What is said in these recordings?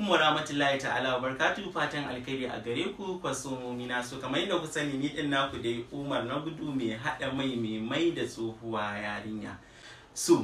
kuma rahmatullahi ta'ala barkatu fatan alkhairi a gare ku kwasomomi na so kamar yadda ku sani ni din naku dai Umar na gudu mai haɗa mai mai mai da tsohuwa yarinya so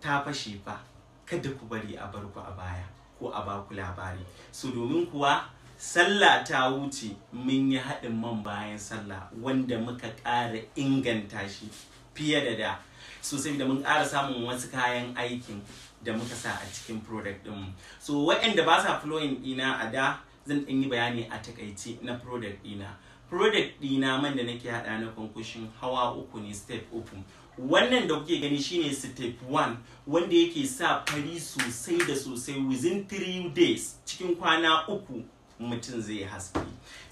ta fashe fa kada ku bari a bar ku a baya ko a ba ku labari so domin kuwa sallah ta wuce mun yi haɗin man bayan sallah wanda muka ƙara inganta shi fiye da da so da mun ƙara samun wasu kayan aikin da muka sa a cikin product mu. so waɗanda ba sa flowing ɗina a da zan ɗan yi bayani a takaici na product ɗina product ɗina man da nake haɗa na concussion hawa uku ne step uku wannan da kuke gani shine step 1 wanda yake sa fari sosai da sosai within 3 days cikin kwana uku mutum zai haske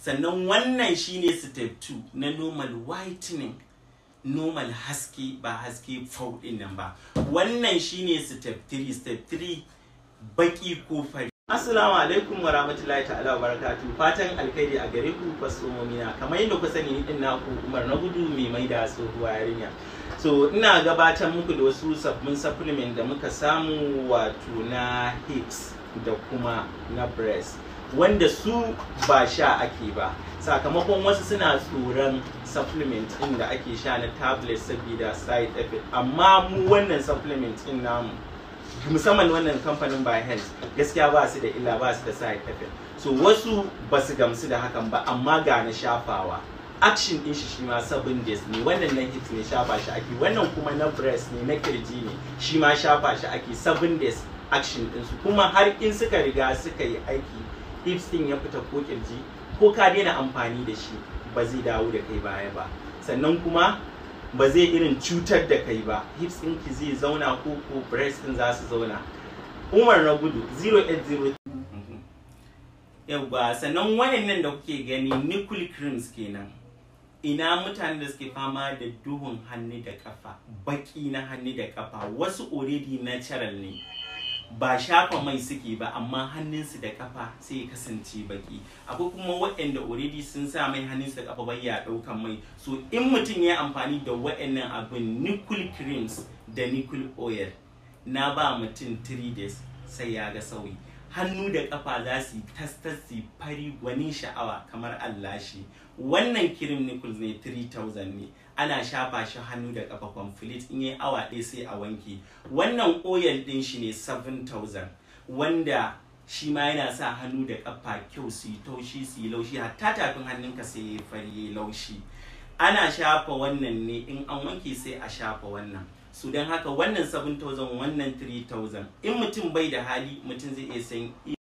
sannan wannan shine step 2 na normal whitening normal haske ba haske fau din nan ba wannan shine step 3 step 3 baki ko fari Assalamu alaikum wa rahmatullahi ta'ala wa barakatuh fatan alkhairi a gare ku fasomomina kamar yadda ku sani ni din naku Umar na gudu mai da tsohuwa yarinya so ina gabatar muku da wasu sabbin supplement da muka samu wato na hips da kuma na breast wanda su ba sha ake ba sakamakon wasu suna tsoron supplement ɗin da ake sha na tablet saboda side effect amma mu wannan supplement ɗin namu musamman wannan kamfanin by health gaskiya ba su da illa ba su da side effect so wasu ba su gamsu da hakan ba amma ga na shafawa action din shi shi ma 7 days ne wannan na hip ne shafa shi ake wannan kuma na breast ne na kirji ne shi ma shafa shi ake 7 days action din su kuma har in suka riga suka yi aiki hips din ya fita ko kirji ko ka daina amfani da shi ba zai dawo da kai baya ba sannan kuma ba zai irin cutar da kai ba hips din ki zai zauna ko ko breast din za su zauna umar na gudu 080 mhm. yauwa sannan wayannan da kuke gani nickel creams kenan ina mutanen da suke fama da duhun hannu da kafa baki na hannu da kafa wasu already natural ne ba shafa mai suke ba amma hannunsu da kafa sai ya kasance baki akwai kuma waɗanda already sun sa mai hannunsu da kafa ya ɗaukan mai so in mutum ya amfani da waɗannan abin nickel creams da nickel oil na ba mutum 3 days sai ya ga sauyi hannu da kafa za su yi fari gwanin sha'awa kamar Allah shi. wannan kirim nichols ne 3000 ne ana shafa shi hannu da kafa complete in yi awa ɗaya sai a wanke wannan oil ɗin shi ne 7000 wanda shi ma yana sa hannu da kafa kyau su yi taushi su yi laushi hatta tafin hannunka sai ya yi fari ya laushi ana shafa wannan ne in an wanke sai a shafa wannan su don haka wannan 7000 wannan 3000 in mutum bai da hali mutum zai iya san